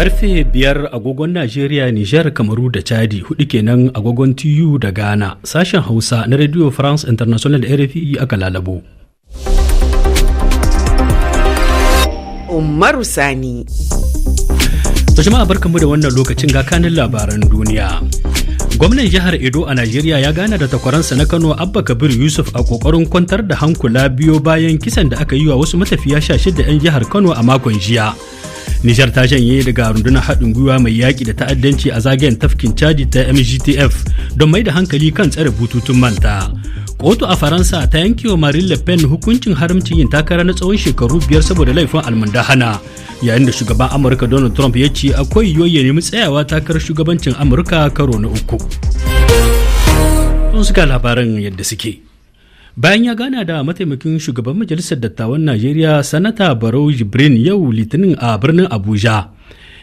Karfe biyar agogon Najeriya, Nijar, Kamaru da Chadi hudu kenan agogon TU da Ghana sashen Hausa na Radio France International da RFI aka lalabo. Umaru Sani. To jama'a barkanmu da wannan lokacin ga kanin labaran duniya. Gwamnan jihar Edo a Najeriya ya gane da takwaransa na Kano Abba Kabir Yusuf a kokarin kwantar da hankula biyo bayan kisan da aka yi wa wasu matafiya 16 'yan jihar Kano a makon jiya. Nijar ta shanye daga rundunar haɗin gwiwa mai yaƙi da ta'addanci a zagayen tafkin caji ta MGTF don mai da hankali kan tsare bututun Manta. Kotu a Faransa ta yanke wa Marine Le Pen hukuncin haramcin yin takara na tsawon shekaru biyar saboda laifin almundahana. Yayin da shugaban Amurka Donald Trump ya ce akwai yiwuwar ya nemi tsayawa takarar shugabancin Amurka karo na uku. Sun suka labaran yadda suke. bayan ya gana da mataimakin shugaban majalisar dattawan najeriya sanata barau jibrin yau litinin a birnin abuja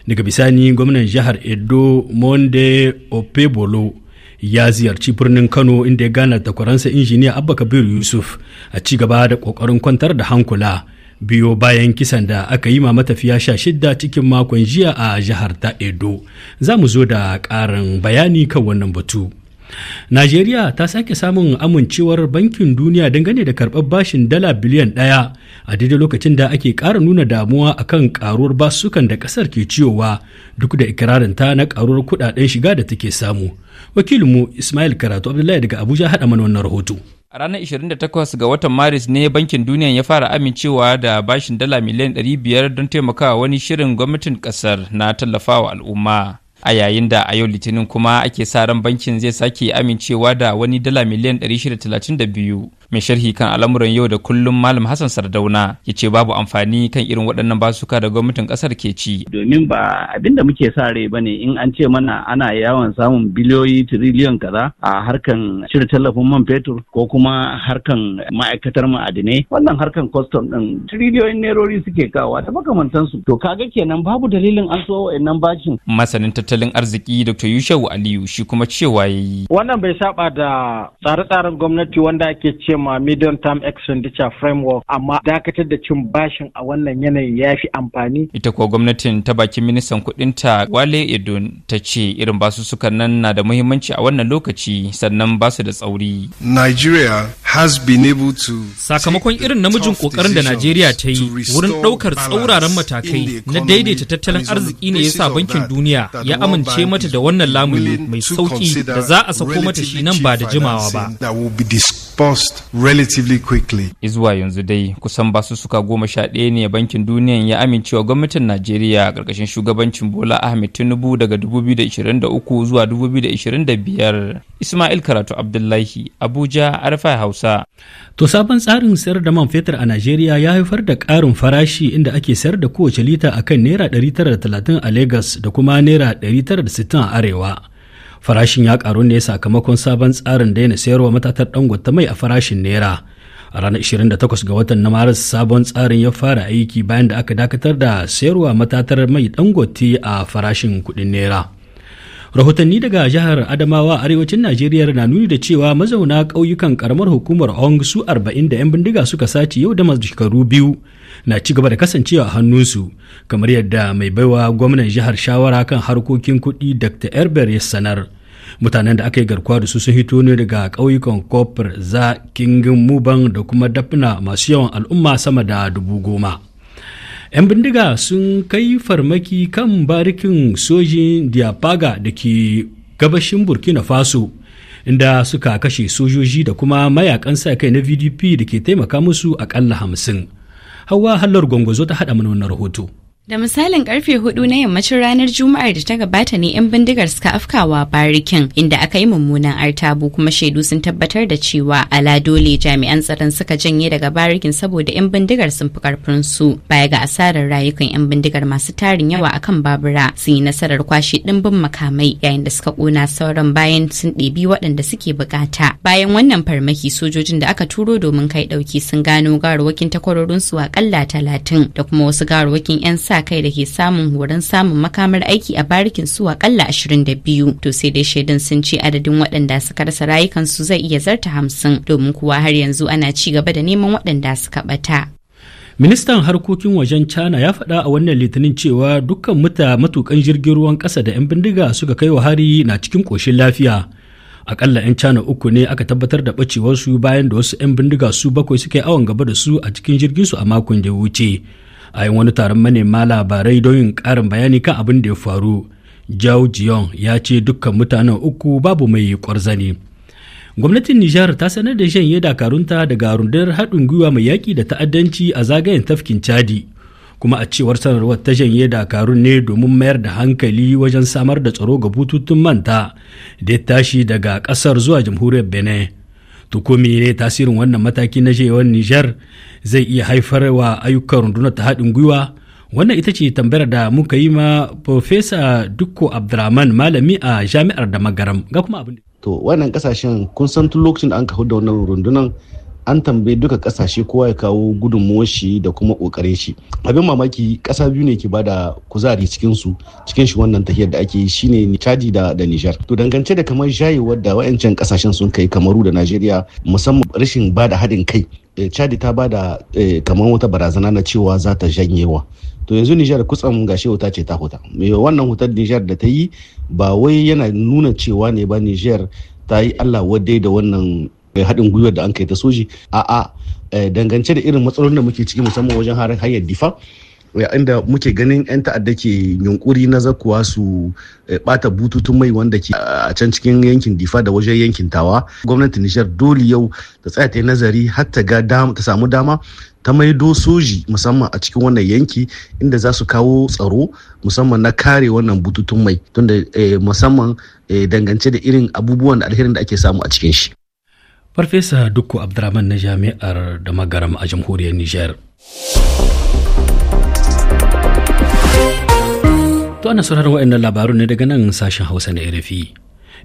daga bisani gwamnan jihar edo monde opebolo ya ziyarci birnin kano inda ya gana da kwaransa injiniya abba kabir yusuf a ci gaba da kokarin kwantar da hankula biyo bayan kisan da aka yi ma matafiya sha shidda cikin makon jiya a jihar ta edo za mu zo da ƙarin bayani kan wannan batu Najeriya ta sake samun amincewar bankin duniya dangane da karbar bashin dala biliyan ɗaya a daidai lokacin da ake ƙara nuna damuwa akan karuwar basukan da ƙasar ke ciyowa duk da ikirarin ta na karuwar kuɗaɗen shiga da take samu. Wakilinmu Ismail Karatu Abdullahi daga Abuja hada mana wannan rahoto. A ranar 28 ga watan Maris ne Bankin Duniya ya fara amincewa da bashin dala miliyan 500 don taimakawa wani shirin gwamnatin ƙasar na tallafawa al'umma. a yayin da a yau litinin kuma ake sa ran bankin zai sake amincewa da wani dala miliyan 632 mai sharhi kan al'amuran yau da kullum malam hassan sardauna ya ce babu amfani kan irin waɗannan basuka da gwamnatin ƙasar ke ci domin ba abin da muke sa rai ba ne in an ce mana ana yawon samun biliyoyi tiriliyon kaza a harkan cire tallafin man fetur ko kuma harkan ma'aikatar ma'adinai wannan harkan kwastam ɗin tiriliyoyin nerori suke kawa makamantan su to kaga kenan babu dalilin an so wa'annan bashin masanin tattalin arziki dr yushewu aliyu shi kuma cewa yayi wannan bai saba da tsare-tsaren gwamnati wanda ake ce ma medium term expenditure framework amma dakatar da cin bashin a wannan yanayin ya fi amfani. Ita kuwa gwamnatin ta bakin ministan ta Wale Edun ta ce irin basussukan nan na da muhimmanci a wannan lokaci sannan ba su da tsauri. Nigeria has been able to Sakamakon irin namijin kokarin da nigeria ta yi wurin daukar tsauraran matakai na daidaita tattalin arziki ne yasa bankin duniya ya amince mata da wannan lamuni mai sauki da za a sako mata shi nan ba da jimawa ba. disbursed relatively quickly. Izuwa yanzu dai kusan basu suka goma sha ɗaya ne bankin duniyan ya amincewa gwamnatin Najeriya a ƙarƙashin shugabancin Bola Ahmed Tinubu daga 2023 zuwa 2025. Ismail Karatu Abdullahi, Abuja, Arfa Hausa. To sabon tsarin sayar da man fetur a Najeriya ya haifar da ƙarin farashi inda ake sayar da kowace lita akan naira 930 a Lagos da kuma naira 960 a Arewa. farashin ya karu ne sakamakon sabon tsarin daina sayarwa matatar ɗangote mai a farashin naira a ranar 28 ga watan na maris sabon tsarin ya fara aiki bayan da aka dakatar da sayarwa matatar mai dangote a farashin kudin naira rahotanni daga jihar adamawa arewacin najeriya na nuni da cewa mazauna ƙauyukan karamar hukumar ong su 40 da 'yan bindiga suka sace yau da shekaru biyu na ci gaba da kasancewa a hannunsu kamar yadda mai baiwa gwamnan jihar shawara kan harkokin kuɗi dr erber ya sanar mutanen da aka yi garkuwa da su sun hito ne daga ƙauyukan kofar za kingin muban da kuma dafna masu yawan al'umma sama da dubu goma 'yan bindiga sun kai farmaki kan barikin sojin diapaga da ke gabashin burkina faso inda suka kashe sojoji da kuma mayakan sa kai na vdp da ke taimaka musu akalla hamsin hawa hallar gwangwazo ta haɗa mana wannan rahoto Da misalin karfe hudu na yammacin ranar Juma'ar da ta gabata ne 'yan bindigar suka afkawa barikin inda aka yi mummunan artabu kuma shaidu sun tabbatar da cewa ala dole jami'an tsaron suka janye daga barikin saboda 'yan bindigar sun fi karfin su baya ga asarar rayukan 'yan bindigar masu tarin yawa akan babura sun yi nasarar kwashe dimbin makamai yayin da suka kona sauran bayan sun ɗebi waɗanda suke bukata. Bayan wannan farmaki sojojin da aka turo domin kai ɗauki sun gano garwakin takwarorinsu kalla talatin da kuma wasu garwakin 'yan sa sa kai da ke samun horon samun makamar aiki a barikin su akalla 22 to sai dai shaidun sun ce adadin waɗanda suka rasa rayukansu zai iya zarta hamsin domin kuwa har yanzu ana ci gaba da neman waɗanda suka bata. ministan harkokin wajen china ya faɗa a wannan litinin cewa dukkan muta matukan jirgin ruwan ƙasa da 'yan bindiga suka kai wa hari na cikin koshin lafiya akalla 'yan china uku ne aka tabbatar da ɓacewarsu bayan da wasu 'yan bindiga su bakwai suka yi awon gaba da su a cikin jirgin su a makon da ya wuce a yin wani taron manema labarai don yin ƙarin bayani kan abin da ya faru Jao Jiyon ya ce dukkan mutanen uku babu mai kwarzani. Gwamnatin Nijar ta sanar da shanye dakarunta daga rundunar haɗin gwiwa mai yaƙi da ta'addanci a zagayen tafkin Chadi. Kuma a cewar sanarwar ta janye dakarun ne domin mayar da hankali wajen samar da tsaro ga bututun manta da ya tashi daga ƙasar zuwa jamhuriyar Benin. to ko menene tasirin wannan mataki na jewar Nijar zai iya haifar wa ayyukan rundunar ta haɗin gwiwa wannan ita ce tambayar da muka yi ma Profesa Dukko abdulrahman malami a jami'ar da magaram ga kuma abin to wannan kasashen kun san tun lokacin da an kawo da wannan rundunar an tambayi duka kasashe kowa ya kawo gudunmuwar shi da kuma kokarin shi abin mamaki kasa biyu ne ke bada kuzari cikin su cikin shi wannan tahiyar da ake yi shine chadi da da nijar to dangance da kamar jayewar da wayancan kasashen sun kai kamaru da najeriya musamman rashin bada haɗin kai eh, chadi ta bada eh, kamar wata barazana na cewa za ta janyewa to yanzu nijar kutsan gashi wuta ce ta huta wannan hutar nijar da ta yi ba wai yana nuna cewa ne ba nijar ta yi allah wadai da wannan haɗin gwiwar da an kai ta soji a eh, dangance da irin matsalolin da muke ciki musamman wajen hanyar difa inda muke ganin 'yan ta'adda ke yunkuri na zakuwa su bata eh, bututun mai wanda ke a can cikin yankin difa da wajen yankin tawa gwamnatin nishar dole yau ta tsaya ta nazari har ta ga ta samu dama ta maido soji musamman a cikin wannan yanki inda za su kawo tsaro musamman na kare wannan bututun mai tunda eh, musamman dangance da irin abubuwan da alherin da ake samu a cikin shi Farfesa Dukku Abdurrahman na Jami'ar da Magaram a Jamhuriyar Nijar. To ana sauraron labarun ne daga nan sashen Hausa na RFI.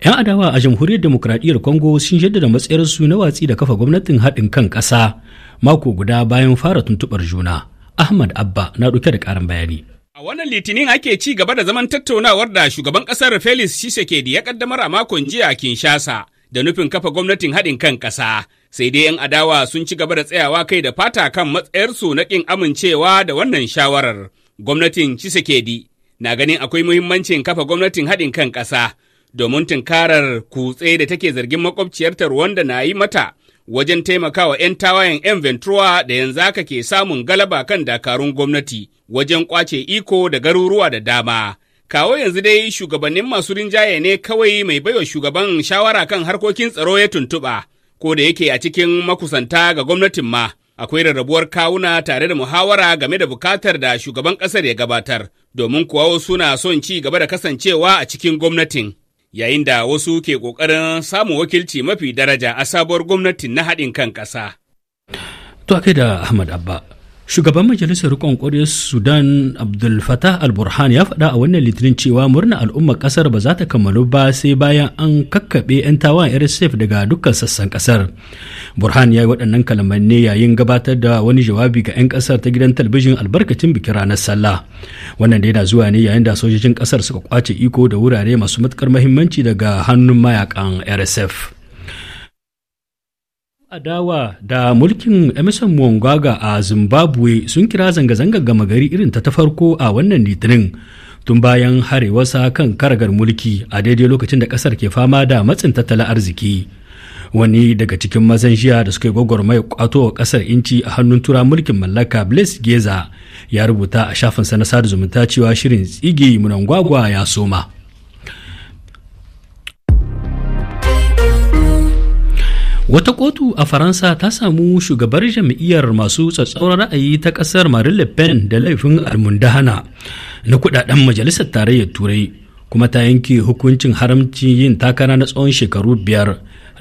'Yan adawa a Jamhuriyar Demokradiyyar Kongo sun jaddada matsayarsu na watsi da kafa gwamnatin haɗin kan ƙasa mako guda bayan fara tuntuɓar juna. Ahmad Abba na ɗauke da ƙarin bayani. A wannan litinin ake ci gaba da zaman tattaunawar da shugaban ƙasar Felix shisekedi ya ƙaddamar a makon jiya a Kinshasa. da nufin kafa gwamnatin haɗin kan ƙasa. Sai dai 'yan adawa sun ci gaba da tsayawa kai da fata kan matsayarsu na ƙin amincewa da wannan shawarar. Gwamnatin cisekedi na ganin akwai muhimmancin kafa gwamnatin haɗin kan ƙasa domin tunkarar kutse da take zargin makwabciyarta Rwanda na yi mata wajen taimakawa 'yan tawayen 'yan Ventura da yanzu haka ke samun galaba kan dakarun gwamnati wajen kwace iko da garuruwa da dama. Kawo yanzu dai shugabannin masu rinjaye ne kawai mai baiwa shugaban shawara kan harkokin tsaro ya tuntuɓa, ko da yake a cikin makusanta ga gwamnatin ma, akwai rarrabuwar kawuna tare da muhawara game da bukatar da shugaban ƙasar ya gabatar, domin kuwa wasu na son ci gaba da kasancewa a cikin gwamnatin. Yayin da wasu ke ƙoƙarin samun wakilci mafi daraja a sabuwar gwamnatin na haɗin kan ƙasa. To da Ahmad Abba, shugaban majalisar rikon kwarewar sudan abdul fatah al-burhan ya faɗa a wannan litinin cewa murna al'ummar ƙasar ba za ta kammalu ba sai bayan an kakkaɓe 'yan tawan rsf daga dukkan sassan ƙasar burhan ya yi waɗannan kalaman ne yayin gabatar da wani jawabi ga 'yan ƙasar ta gidan talabijin albarkacin bikin ranar sallah wannan da yana zuwa ne yayin da sojojin ƙasar suka kwace iko da wurare masu matuƙar mahimmanci daga hannun mayakan rsf adawa da mulkin emerson mwangaga a zimbabwe sun kira zanga-zangar gama gari irin ta ta farko a wannan litinin tun bayan harewarsa kan karagar mulki a daidai lokacin da kasar ke fama da matsin tattalin arziki wani daga cikin mazan jiya da suka yi gwagwarmaya kwato wa kasar inci a hannun tura mulkin mallaka blaise geza ya rubuta a shafinsa na sada zumunta cewa shirin tsige munangwagwa ya soma wata kotu a faransa ta samu shugabar jam'iyyar masu tsatsauran ra'ayi ta kasar marin le pen da laifin almundahana na kudaden majalisar tarayyar turai kuma ta yanke hukuncin haramci yin takara na tsawon shekaru biyar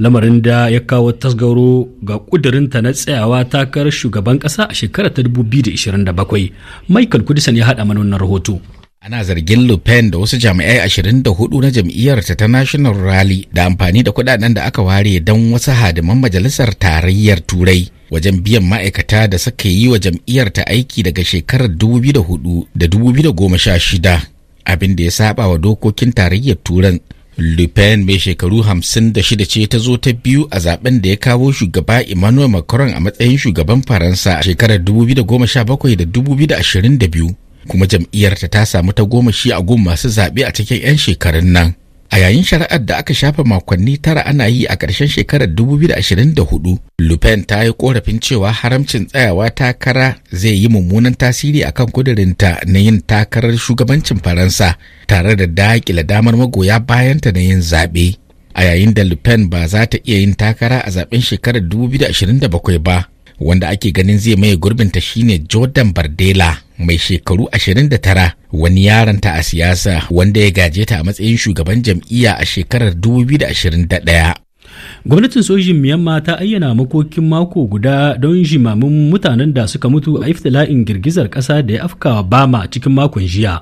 lamarin da ya kawo tasgaro ga kudurinta na tsayawa takarar shugaban ƙasa a shekarar ta 2027 michael kudisan ya haɗa mana rahoto Ana zargin Le da wasu jami'ai 24 na jam'iyyar ta National Rally da amfani da kudaden da aka ware don wasu hadiman majalisar tarayyar Turai wajen biyan ma'aikata da suka yi wa jam'iyyar ta aiki daga shekarar 2004 da 2016 abin da ya saba wa dokokin tarayyar Turan. Le mai shekaru 56 ce ta zo ta biyu a zaben da ya kawo shugaba Emmanuel Macron a matsayin shugaban Faransa a shekarar 2017 da 2022. kuma jam'iyyarta ta samu ta goma shi a gun masu zaɓe a cikin 'yan shekarun nan a yayin shari'ar da aka shafa makonni tara ana yi a ƙarshen shekarar 2024 lupin ta yi korafin cewa haramcin tsayawa takara zai yi mummunan tasiri akan kudurinta na yin takarar shugabancin faransa tare da daƙila damar magoya bayanta na yin zaɓe a yayin da lupin ba za ta iya yin takara a zaɓen shekarar 2027 ba wanda ake ganin zai maye gurbinta shine jordan bardela mai shekaru 29 wani yaronta a siyasa wanda ya gaje ta a matsayin shugaban jam'iyya a shekarar 2021 gwamnatin sojin miyamma ta ayyana makokin mako guda don jimamin mutanen da suka mutu a iftila'in girgizar kasa da ya afkawa bama cikin makon jiya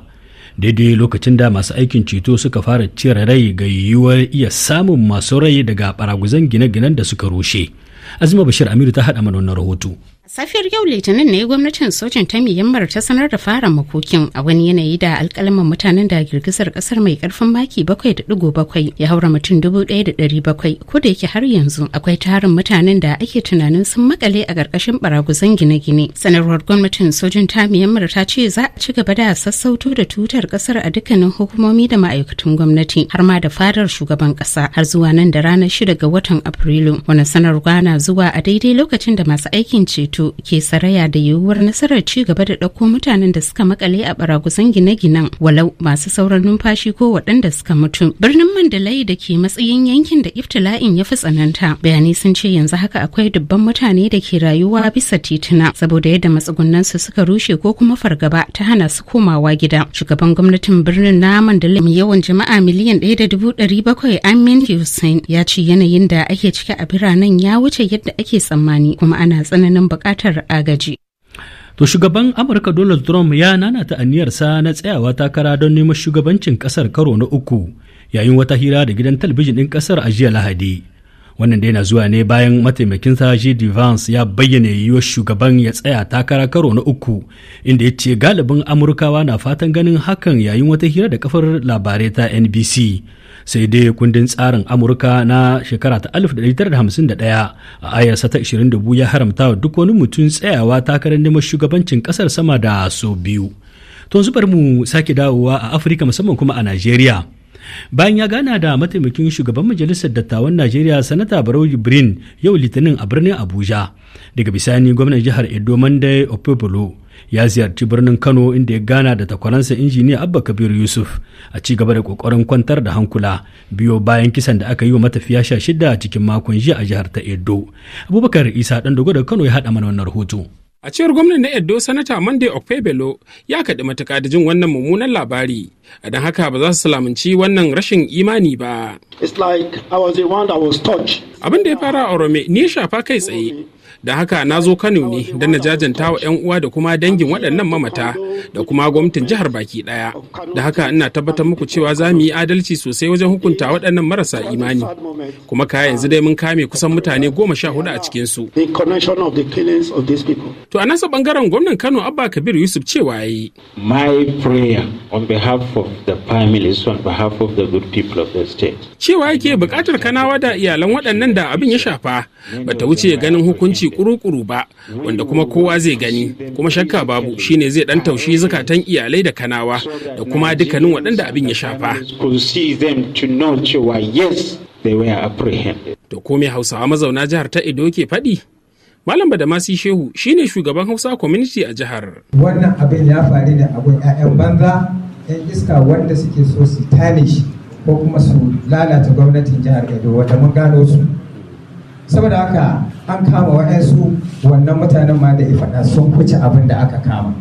daidai lokacin da masu aikin ceto suka fara cire rai ga yiwuwar iya samun masu rai daga baraguzan gine-ginen da suka rushe azima bashir amiru ta haɗa mana wannan rahoto safiyar yau litinin ne gwamnatin Sojin ta miyammar ta sanar da fara makokin a wani yanayi da alkalaman mutanen da girgizar kasar mai karfin maki bakwai da bakwai ya haura mutum dubu ɗaya da ɗari bakwai ko da yake har yanzu akwai tarin mutanen da ake tunanin sun makale a ƙarƙashin baraguzan gine-gine sanarwar gwamnatin Sojin ta miyammar ta ce za a ci gaba da sassauto da tutar kasar a dukkanin hukumomi da ma'aikatan gwamnati har ma da fadar shugaban ƙasa har zuwa nan da ranar 6 ga watan afrilu wani sanarwa na zuwa a daidai lokacin da masu aikin ceto Sokoto ke saraya da yiwuwar nasarar ci gaba da ɗauko mutanen da suka makale a baragusan gine-ginen walau masu sauran numfashi ko waɗanda suka mutu. Birnin Mandalay da ke matsayin yankin da iftila'in ya fi tsananta. Bayanai sun ce yanzu haka akwai dubban mutane da ke rayuwa bisa tituna saboda yadda su suka rushe ko kuma fargaba ta hana su komawa gida. Shugaban gwamnatin birnin na Mandalay mai yawan jama'a miliyan ɗaya da dubu ɗari bakwai Amin Hussein ya ce yanayin da ake ciki a biranen ya wuce yadda ake tsammani kuma ana tsananin buƙatar bukatar agaji. To shugaban Amurka Donald Trump ya ta aniyarsa na tsayawa takara don neman shugabancin kasar karo na uku yayin wata hira da gidan talabijin ɗin kasar a jiya Lahadi. wannan dai na zuwa ne bayan mataimakinsa gd Vance ya bayyana yiwuwar shugaban ya tsaya takara karo na uku inda ya ce galibin Amurkawa na fatan ganin hakan yayin wata hira da kafar labarai ta NBC. sai dai kundin tsarin amurka na shekara ta 1951 a ayyarsa ta 22 ya haramta wa duk wani mutum tsayawa takarar neman shugabancin kasar sama da sau biyu to zubar mu sake dawowa a afirka musamman kuma a najeriya bayan ya gana da mataimakin shugaban majalisar dattawan najeriya sanata barau jibrin yau litinin a birnin abuja daga bisani gwamnan jihar edo manda opebolo ya ziyarci birnin kano inda ya gana da takwaransa injiniya abba kabir yusuf a ci gaba da kokarin kwantar da hankula biyo bayan kisan da aka yi wa matafiya sha shida cikin makon jiya a jihar ta edo abubakar isa dan dogo da kano ya haɗa mana wannan rahoto A cewar gwamnan na Edo Sanata Monday Okpebelo ya kaɗi matuka da jin wannan mummunan labari, a don haka ba za su salamanci wannan rashin imani ba. Abin da ya fara a Orome ni ya shafa kai tsaye, da haka na zo kano ne don na jajanta wa 'yan uwa da kuma dangin waɗannan mamata da kuma gwamnatin jihar baki ɗaya da haka ina tabbatar muku cewa za mu yi adalci sosai wajen hukunta waɗannan marasa imani kuma ka yanzu dai mun kame kusan mutane goma sha hudu a cikin su to a nasa bangaren gwamnan kano abba kabir yusuf cewa ya yi my prayer on behalf cewa yake bukatar kanawa da iyalan waɗannan da abin ya shafa bata wuce ganin hukunci kurukuru ba wanda kuma kowa zai gani kuma shakka babu shine zai dan taushi zakatan iyalai da kanawa da kuma dukkanin waɗanda abin ya shafa to ko hausawa mazauna jihar ta edo ke faɗi malam badamasi shehu shine shugaban hausa community a jihar wannan abin ya faru da abin 'ya'yan banza 'yan iska wanda suke so su tanish ko kuma su lalata gwamnatin jihar edo wata mun gano su saboda haka an kama waɗansu wannan mutanen ma da ifada sun kuce abin da aka kama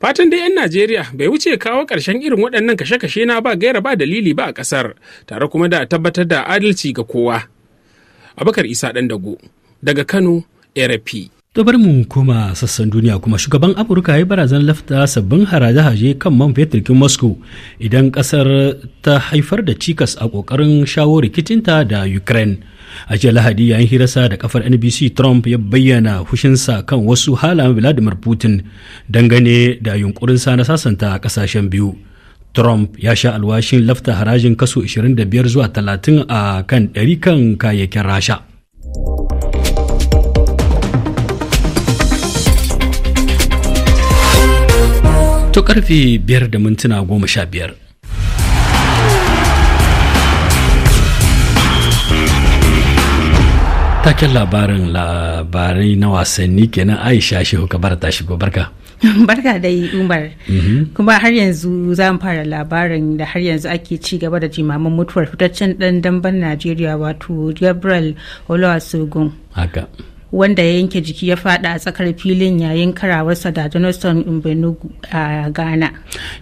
fatan dai 'yan najeriya bai wuce kawo ƙarshen irin waɗannan kashe-kashe na ba gaira ba dalili ba a ƙasar tare kuma da tabbatar da adalci ga kowa abakar isa ɗan dago daga kano rfp To bar mu koma sassan duniya kuma shugaban Amurka ya yi barazan lafta sabbin haraje-haje kan man fetur kin Moscow idan ƙasar ta haifar da cikas a kokarin shawo rikicinta da Ukraine. a jiya lahadi yayin hirarsa da kafar nbc trump ya bayyana hushinsa kan wasu halayen vladimir putin dangane da yunkurinsa na sasanta kasashen biyu Trump ya sha alwashin lafta harajin kaso 25 zuwa 30 a kan ɗari kan kayayyakin rasha. To karfe biyar da mintuna goma sha biyar. take labarin labarai na wasanni kenan aisha ka kabar ta shigo barka barka dai umar mhm. kuma har yanzu za fara labarin da har yanzu ake ci gaba da jimamin mutuwar fitaccen dan damben najeriya wato gabriel olawasogun haka wanda ya yanke jiki ya fada a tsakar filin yayin karawarsa da Jonathan Mbenugu a Ghana.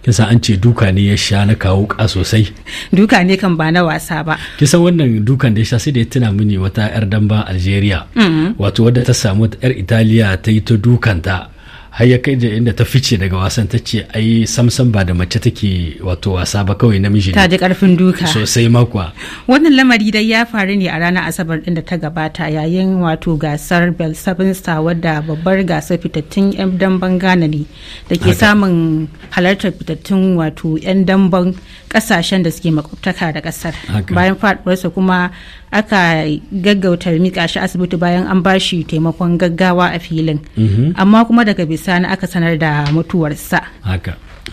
Kisa an ce duka ne ya sha na kawo ka sosai. Duka ne kan ba na wasa ba. Kisa wannan dukan da ya sha sai da ya tuna mini wata 'yar damba Algeria. Mm-hmm. Wato wadda ta samu 'yar Italiya ta yi ta dukanta har ya kai da inda ta fice daga wasan ta ce ai samsam ba da mace take wato wasa ba kawai namiji ne ta ji karfin duka sosai makwa wannan lamari dai ya faru ne a ranar asabar din da ta gabata yayin wato gasar bel seven star wadda babbar gasar fitattun yan damban ghana ne da ke samun halartar fitattun wato yan damben kasashen da suke makwabtaka da kasar bayan faduwarsa kuma aka gaggauta mika shi asibiti bayan an ba shi taimakon gaggawa a filin mhm. amma kuma daga bisani aka sanar da mutuwarsa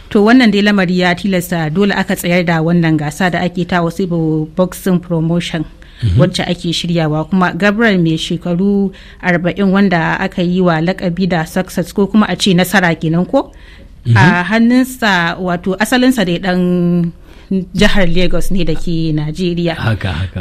to wannan dai lamari ya tilasta dole aka tsayar da wannan gasa da ake ta wasu boxing promotion mhm. wacce ake shiryawa kuma gabriel mai shekaru 40 wanda aka yi wa lakabi da success ko kuma a ce nasara kenan ko a mhm. hannunsa wato asalinsa dai dan jihar lagos ne da ke najeriya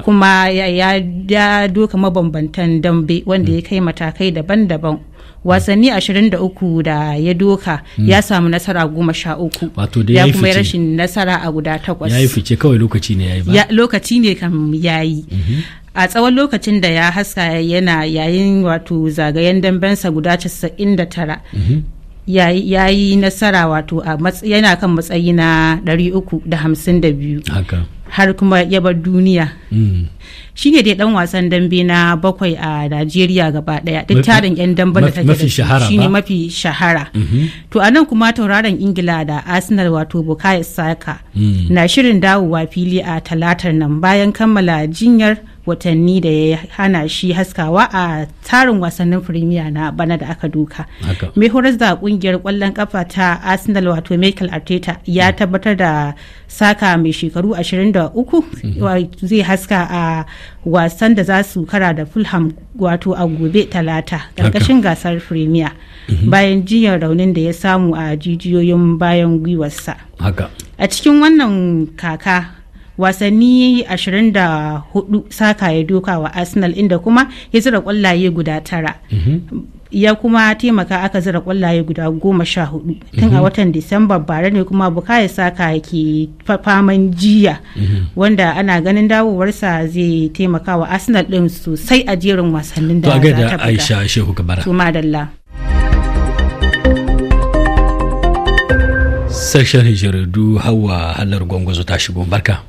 kuma ya doka mabambantan dambe wanda ya kai matakai daban-daban wasanni 23 da ya doka hmm. ya samu nasara goma sha uku ya kuma ya rashin nasara a guda takwas ya yi fice kawai lokaci ne ya yi ba lokaci ne kam ya yi mhm. a tsawon lokacin da ya haska yana yayin wato zagayen dambensa guda 99 ya yi nasara wato yana kan matsayi na 352 har kuma ya bar duniya mm. shi ne dai dan wasan dambe na bakwai a najeriya gaba daya duk tarin yan dambe da take da shi ne mafi shahara mm-hmm. to a nan kuma tauraron ingila da arsenal wato bukayo saka mm. na shirin dawowa fili a talatar nan bayan kammala jinyar watanni da ya hana shi haskawa a tarin wasannin firimiya na bana da aka duka mai horar da kungiyar kwallon kafa ta arsenal wato michael arteta ya hmm. tabbatar da saka mai shekaru 23 hmm. zai haska a wasan da za su kara da fulham wato a gobe talata karkashin gasar firimiya hmm. bayan jiyar raunin da ya samu a jijiyoyin bayan gwiwarsa a cikin wannan kaka wasanni 24 saka ya doka wa arsenal inda kuma ya zira kwallaye guda tara mhm. ya kuma taimaka aka zira kwallaye guda goma sha hudu tun a mhm. watan disamba bara ne kuma bukaya saka ke faman jiya mhm. wanda ana ganin dawowarsa zai taimaka wa arsenal din sosai a jerin wasannin da za ta aisha sashen hijiradu hawa halar gwangwazo ta shigo barka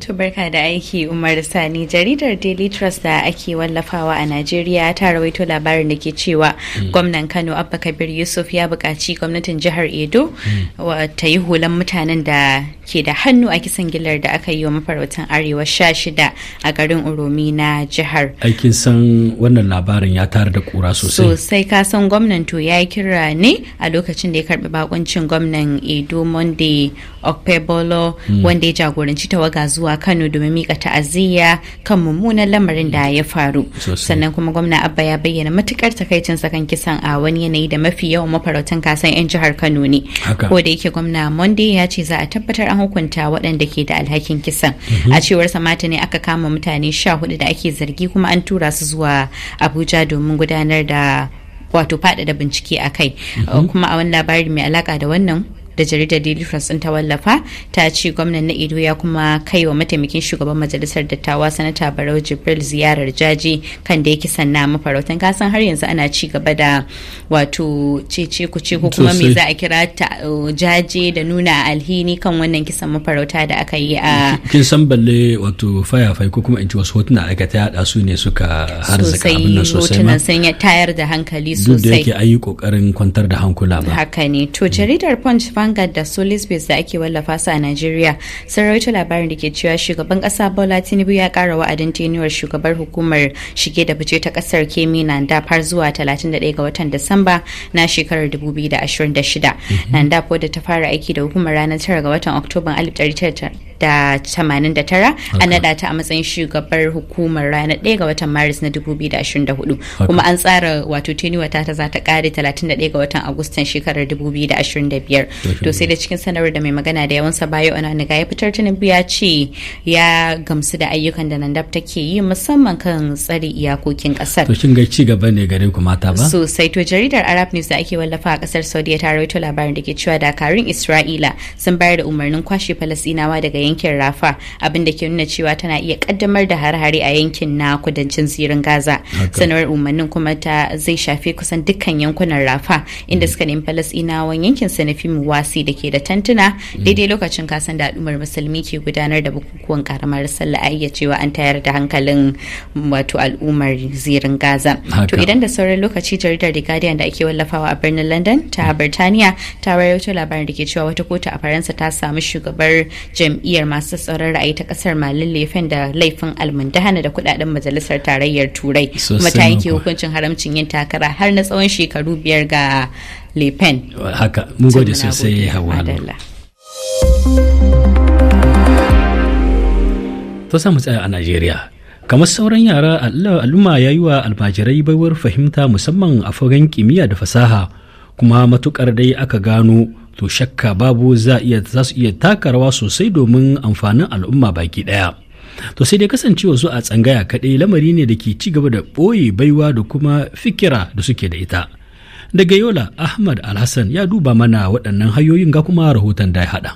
To barka da aiki Umar Sani jaridar Daily Trust da ake wallafawa a Najeriya ta rawaito labarin da ke cewa mm. gwamnan Kano Abba Kabir Yusuf ya buƙaci gwamnatin jihar Edo mm. ta yi hulan mutanen da ke da hannu a kisan gilar da aka yi wa mafarautan Arewa sha shida a garin Uromi na jihar. Aikin san wannan labarin ya tare da kura sosai. Sosai ka san gwamnan to ya kira ne a lokacin da ya karbi bakuncin gwamnan Edo Monday Okpebolo mm. wanda ya jagoranci tawaga zuwa Kano domin mika ta'aziyya kan mummunan lamarin da ya faru. Sannan kuma gwamna Abba ya bayyana matukar takaicin sakan kisan a wani yanayi da mafi yawan mafarautan kasan 'yan jihar Kano ne. Ko da yake gwamna Monday ya ce za a tabbatar an hukunta waɗanda ke da alhakin kisan. Mhm. A cewar Samata ne aka kama mutane sha hudu da ake zargi kuma an tura su zuwa Abuja domin gudanar da wato faɗaɗa bincike a kai. Mhm. Kuma a wani labari mai alaka da wannan da jaridar daily trust ta wallafa ta ce gwamnan na edo ya kuma kai wa mataimakin shugaban majalisar dattawa sanata barau jibril ziyarar jaji kan da yake sanna mafarautan kasan har yanzu ana ci gaba da wato cece ku ce ko kuma me za a kira ta uh, jaje da nuna alhini kan wannan kisan mafarauta da aka yi a kin san balle wato firefly ko kuma in ci wasu hotuna aka ta yada su ne suka harzaka abin nan sosai ma sun ya tayar da hankali sosai duk da yake ayi kokarin kwantar da hankula ba haka ne to jaridar punch Vanguard da Solis Base da ake wallafa su a Najeriya sun rawaito labarin da ke cewa shugaban kasa Bola Tinubu ya kara wa'adin tenuwar shugabar hukumar shige da fice ta kasar Kemi Nandap har zuwa 31 ga watan Disamba na shekarar 2026. ko da mhm. ta fara aiki da hukumar ranar 9 ga watan oktoba da tamanin da an naɗa ta a matsayin shugabar hukumar ranar ɗaya ga watan maris na dubu kuma an tsara wato tenuwa ta za ta kare talatin da ɗaya ga watan agustan shekarar dubu to sai da cikin sanarwar da mai magana da yawansa bayo niga ya fitar tunin ya ce ya gamsu da ayyukan da nan nandab take yi musamman kan tsari iyakokin kasar. to shin ga ci gaba ne gare ku mata ba. sosai to jaridar arab news da ake wallafa a ƙasar saudiya ta rawaito labarin da ke cewa dakarun isra'ila sun bayar da umarnin kwashe falasinawa daga yankin rafa abinda ke nuna cewa tana iya kaddamar da hare-hare a yankin na kudancin zirin gaza sanarwar umarnin kuma ta zai shafi kusan dukkan yankunan rafa inda mm. suka nemi falasɗinawan yankin sanafi muwasi da ke da tantuna mm. daidai lokacin kasan da al'ummar musulmi ke gudanar da bukukuwan karamar sallah a iya cewa an tayar da hankalin wato al'ummar zirin gaza to idan da sauran lokaci jaridar the guardian da ake wallafawa a birnin london ta mm. birtaniya ta rawaito labarin da ke cewa wata kotu a faransa ta samu shugabar jam'iyyar kungiyar masu tsaron ra'ayi ta kasar Malin da laifin almundahana da kudaden majalisar tarayyar Turai kuma ta yanke hukuncin haramcin yin takara har na tsawon shekaru biyar ga Lefen. Haka mun gode sosai Hawa. ta mu tsaya a Najeriya. Kamar sauran yara al'umma ya yi wa almajirai baiwar fahimta musamman a fagen kimiyya da fasaha kuma matukar dai aka gano to shakka babu za su iya taka rawa sosai domin amfanin al'umma baki ɗaya. to sai dai kasancewa su a tsangaya kaɗai lamari ne da ke ci gaba da ɓoye baiwa da kuma fikira da suke da ita daga yola ahmad alhassan ya duba mana waɗannan hanyoyin ga kuma rahoton da ya haɗa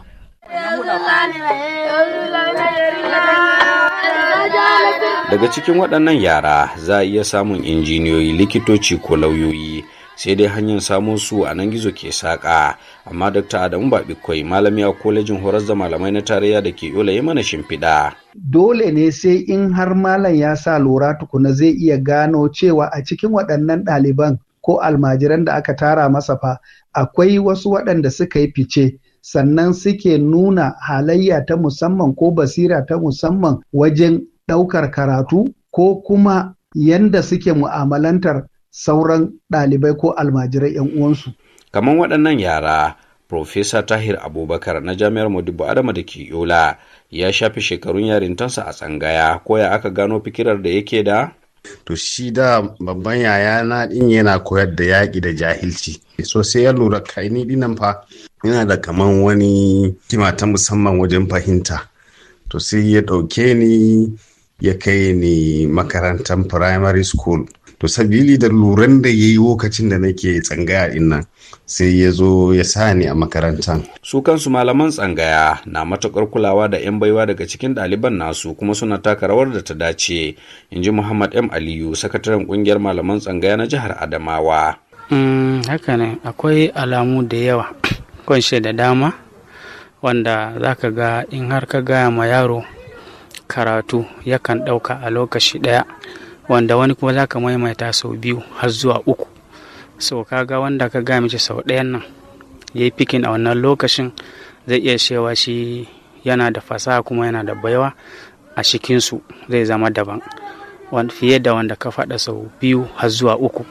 daga cikin waɗannan yara za a iya samun injiniyoyi likitoci ko lauyoyi sai dai hanyar samo su a nan gizo ke saƙa amma dr adamu babikwai malami a kolejin horas da malamai na tarayya da ke yola yi mana shimfiɗa dole ne sai in har malam ya sa lura tukuna zai iya gano cewa a cikin waɗannan ɗaliban ko almajiran da aka tara masa fa akwai wasu waɗanda suka yi fice sannan suke nuna halayya ta musamman ko basira ta musamman wajen ɗaukar karatu ko kuma yanda suke mu'amalantar sauran ɗalibai ko almajirai 'yan uwansu. Kamar waɗannan yara, Profesa Tahir Abubakar na Jami'ar Modibo Adama da ke Yola ya shafi shekarun yarintansa a tsangaya ko ya aka gano fikirar da yake da? To shi da babban yaya na ɗin yana koyar da yaƙi da jahilci. So sai ya lura kai ni dinan fa yana da kaman wani kima ta musamman wajen fahimta. To sai ya ɗauke ni ya kai ni makarantar primary school to sabili da luran da ya yi lokacin da nake tsangaya innan, sai ya zo ya sa ni a makarantar. su kansu malaman tsangaya na matukar kulawa da 'yan baiwa daga cikin ɗaliban nasu kuma suna taka rawar da ta dace in ji muhammad m aliyu sakataren ƙungiyar malaman tsangaya na jihar adamawa mm, haka ne akwai alamu da yawa kwanshe da dama wanda za ka ga in har ka gaya ma yaro karatu yakan ɗauka a lokaci ɗaya wanda wani kuma za ka maimaita sau biyu har zuwa uku so kaga wanda ka ga mishi sau ɗayan nan ya yi fikin a wannan lokacin zai iya cewa shi yana da fasaha kuma yana da baiwa a cikinsu zai zama daban fiye da wanda ka faɗa sau biyu har zuwa uku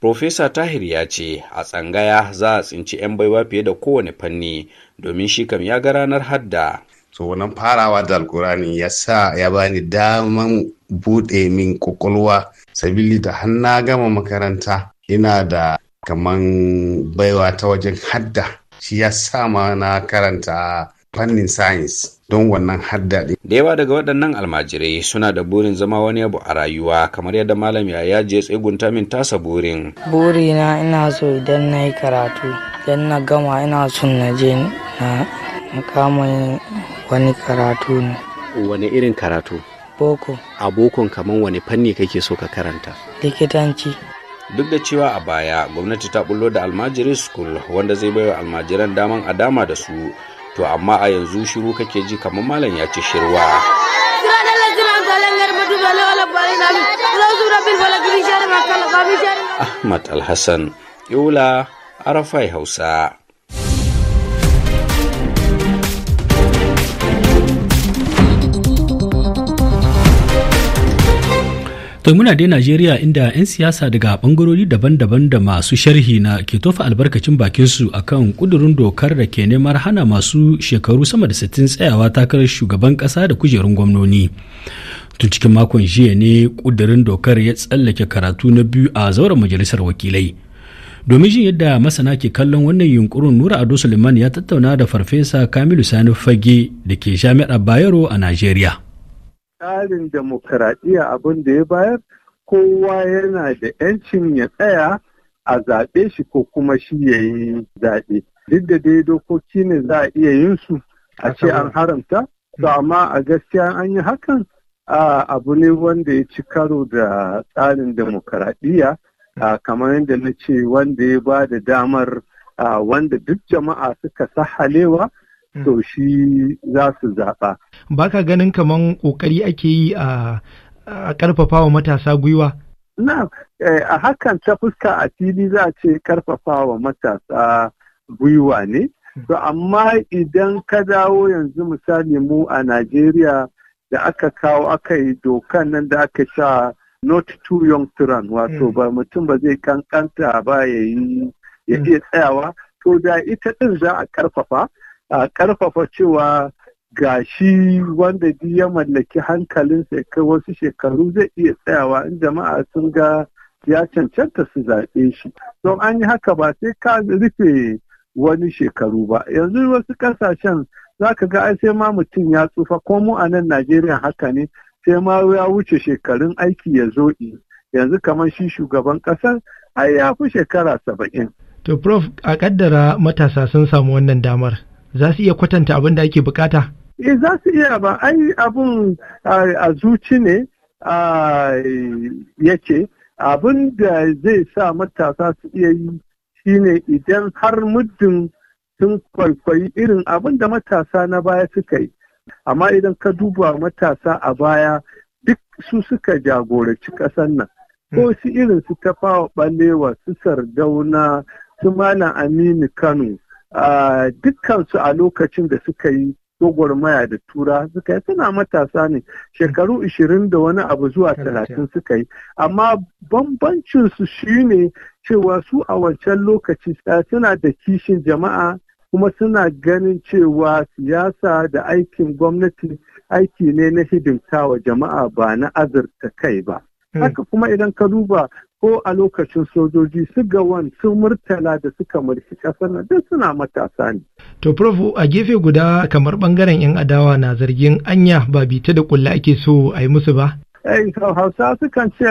Profesa Tahir ya ce a tsangaya za a tsinci 'yan baiwa fiye da kowane fanni domin shi kam ya ga ranar hadda. So farawa da alkurani ya sa ya bani daman buɗe min kwakwalwa sabili da gama makaranta ina da kaman baiwa ta wajen hadda shi ya sama na karanta fannin science don wannan hadda Da yawa daga waɗannan almajirai suna da burin zama wani abu a rayuwa kamar yadda malam ya je tsegunta min tasa burin. Burina ina so idan na yi karatu, idan na gama ina son na je na kama wani karatu ne. Wani irin karatu? Boko. A bokon kamar wani fanni kake so ka karanta? Likitanci. Duk da cewa a baya gwamnati ta bullo da almajiri school wanda zai baiwa almajiran daman a dama da su, to amma a yanzu shiru kake ji kamar malam ya ci shirwa. Ahmad Alhassan, Yola, Arafai Hausa. to muna dai najeriya inda 'yan siyasa daga bangarori daban-daban da masu sharhi na ke tofa albarkacin bakinsu a kan kudurin dokar da ke neman hana masu shekaru sama da sittin tsayawa takarar shugaban kasa da kujerun gwamnoni tun cikin makon jiya ne kudurin dokar ya tsallake karatu na biyu a zauren majalisar wakilai domin jin yadda masana ke kallon wannan yunkurin nura ado suleiman ya tattauna da farfesa kamilu sani fage da ke jami'ar bayero a najeriya tsarin demokaradiyya abin da ya bayar kowa yana da 'yancin ya tsaya a zaɓe shi ko kuma shi ya yi zaɓe duk da dai dokoki ne za a iya yin su a ce an haramta to hmm. amma a gaskiya an yi hakan abu ne wanda ya ci karo da tsarin demokaradiyya kamar yadda na ce wanda ya ba da damar wanda duk jama'a suka sahalewa Hmm. to shi za su zaɓa. Ba ka ganin kaman ƙoƙari ake yi a ƙarfafa wa matasa gwiwa? Na, eh, a hakan ta fuska a fili za a ce ƙarfafa wa matasa gwiwa ne. Hmm. To amma idan ka dawo yanzu misali mu a Najeriya da aka kawo aka yi dokan nan da aka sha not too young to run wato hmm. ba mutum ba zai kankanta ba ya yi tsayawa to da ita ɗin za a ƙarfafa A ƙarfafa cewa ga shi wanda duk ya mallaki hankalin kai wasu shekaru zai iya tsayawa in jama'a sun ga ya cancanta su zaɓe shi don an yi haka ba sai ka rufe wani shekaru ba yanzu wasu ƙasashen za ka ga ai sai ma mutum ya tsufa ko mu a nan najeriya haka ne sai ma ya wuce shekarun aiki ya zo yanzu kamar shi shugaban ƙasar ai ya fi shekara saba'in. to prof a kaddara matasa sun samu wannan damar za su iya kwatanta abin da ake bukata? E, za su iya ba, ai abin a zuci ne yake abin da zai sa matasa su iya yi shi ne idan har muddin sun kwaikwayi irin abin da matasa na baya suka yi. Amma idan ka duba matasa a baya duk su suka jagoraci ƙasar nan. Hmm. Ko su irin su tafawa ɓalewa su sardauna su malam aminu Kano. dukkansu a lokacin da suka yi gwagwarmaya da tura suka yi suna matasa ne shekaru 20 da wani abu zuwa 30 suka yi amma bambancinsu ne cewa su a wancan lokaci suna da kishin jama'a kuma suna ganin cewa siyasa da aikin gwamnati aiki ne na hidimta wa jama'a ba na azurta kai ba. Hmm. Haka kuma idan ka duba ko a lokacin sojoji su gawan su murtala da suka mulki kasar nan duk suna matasa ne. To Prof a gefe guda kamar bangaren 'yan adawa na zargin anya ba bita da kulla ake so a yi musu ba? Eh, Hausa sukan ce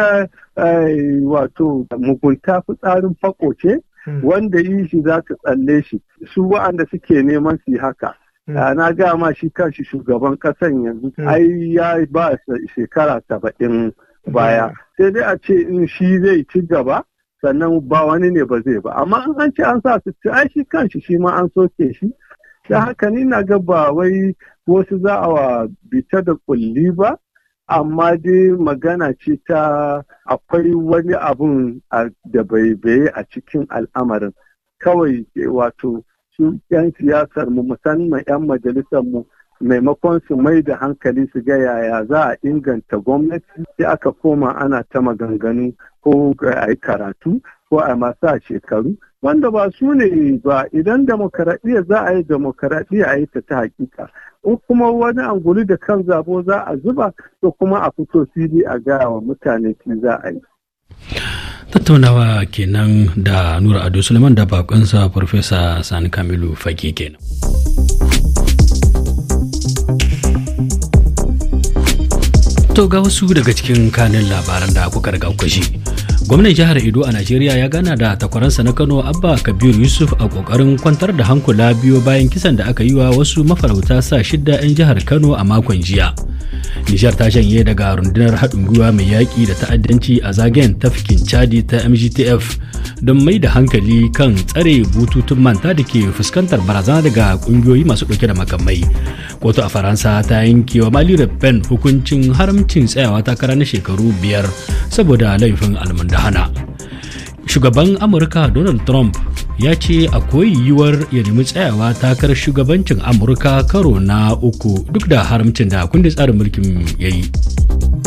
eh, wato mugunta tsarin fako ce hmm. wanda yi shi za ka tsalle shi su wa'anda suke neman su haka. Hmm. Ah, na shi kan shi kanshi shugaban kasan yanzu hmm. ai ya ba shekara saba'in baya sai dai a ce in shi zai ci gaba sannan ba wani ne ba zai ba amma in an ce an sa su ci ai shi kanshi shi ma an soke shi da haka ni na ga ba wai wasu za a wa bita da kulli ba amma dai magana ce ta akwai wani abun da bai baye a cikin al'amarin kawai wato su 'yan siyasar mu musamman 'yan majalisar mu maimakon su mai da hankali su ga yaya za a inganta gwamnati sai aka koma ana ta maganganu ko a yi karatu ko a masu a shekaru wanda ba su ne ba idan demokaradiyya za a yi demokaradiyya a yi ta ta hakika in kuma wani angulu da kan zabo za a zuba to kuma a fito fili a gaya wa mutane ki za a yi tattaunawa kenan da nura ado suleiman da bakonsa farfesa sani kamilu fage kenan To ga wasu daga cikin kanin labaran da kuka riga kuka Gwamnan jihar Edo a Najeriya ya gana da takwaransa na Kano Abba Kabir Yusuf a kokarin kwantar da hankula biyo bayan kisan da aka yi wa wasu mafarauta sa shidda 'yan jihar Kano a makon jiya. Nijar ta shanye daga rundunar haɗin gwiwa mai yaƙi da ta'addanci a zagayen tafkin Chadi ta MGTF don mai da hankali kan tsare bututun manta da ke fuskantar barazana daga ƙungiyoyi masu ɗauke da makamai. kotu a faransa ta yanke wa mali le hukuncin haramcin tsayawa takara na shekaru biyar saboda laifin almundahana shugaban amurka donald trump ya ce akwai yiwuwar ya nemi tsayawa takar shugabancin amurka karo na uku duk da haramcin da kundin tsarin mulkin ya yi